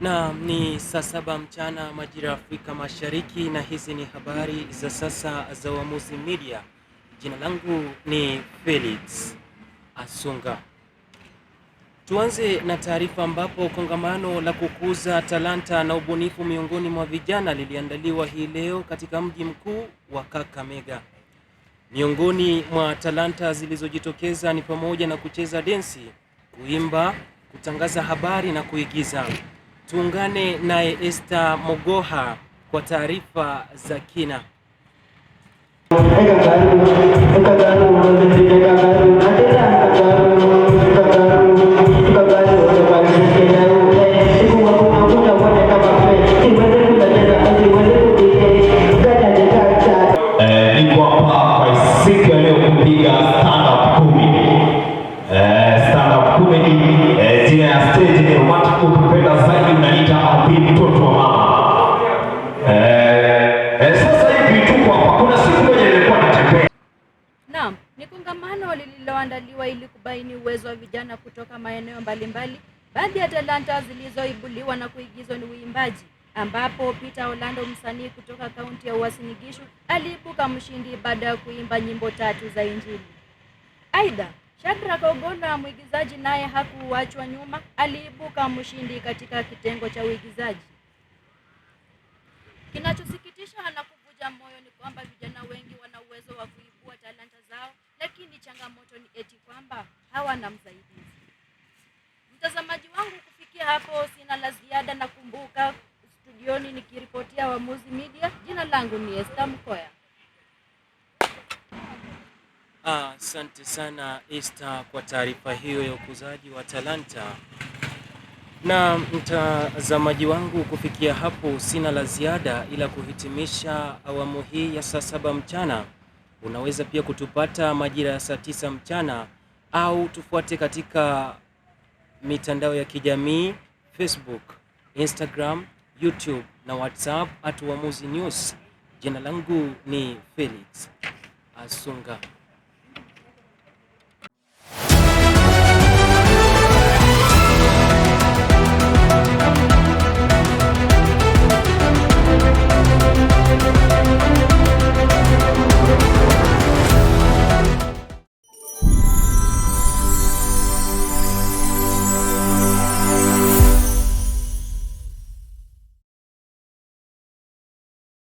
Naam, ni saa saba mchana majira ya Afrika Mashariki, na hizi ni habari za sasa za Uamuzi Media. Jina langu ni Felix Asunga. Tuanze na taarifa ambapo kongamano la kukuza talanta na ubunifu miongoni mwa vijana liliandaliwa hii leo katika mji mkuu wa Kakamega. Miongoni mwa talanta zilizojitokeza ni pamoja na kucheza densi, kuimba, kutangaza habari na kuigiza. Tuungane naye Esther Mogoha kwa taarifa za kina. kuandaliwa ili kubaini uwezo wa vijana kutoka maeneo mbalimbali. Baadhi ya talanta zilizoibuliwa na kuigizwa ni uimbaji, ambapo Peter Orlando, msanii kutoka kaunti ya Uasin Gishu, aliibuka mshindi baada ya kuimba nyimbo tatu za Injili. Aidha, Shadrack Ogolla, mwigizaji, naye hakuachwa nyuma, aliibuka mshindi katika kitengo cha uigizaji. Kinachosikitisha na kuvuja moyo ni kwamba vijana wengi sawa na msaidizi. Mtazamaji wangu, kufikia hapo sina la ziada, na kumbuka studioni nikiripotia Wamuzi Media, jina langu ni Esther Mkoya. Asante ah, sana Esther kwa taarifa hiyo ya ukuzaji wa talanta. Na mtazamaji wangu, kufikia hapo sina la ziada ila kuhitimisha awamu hii ya saa saba mchana. Unaweza pia kutupata majira ya saa tisa mchana au tufuate katika mitandao ya kijamii Facebook, Instagram, YouTube na WhatsApp at Uamuzi News. Jina langu ni Felix Asunga.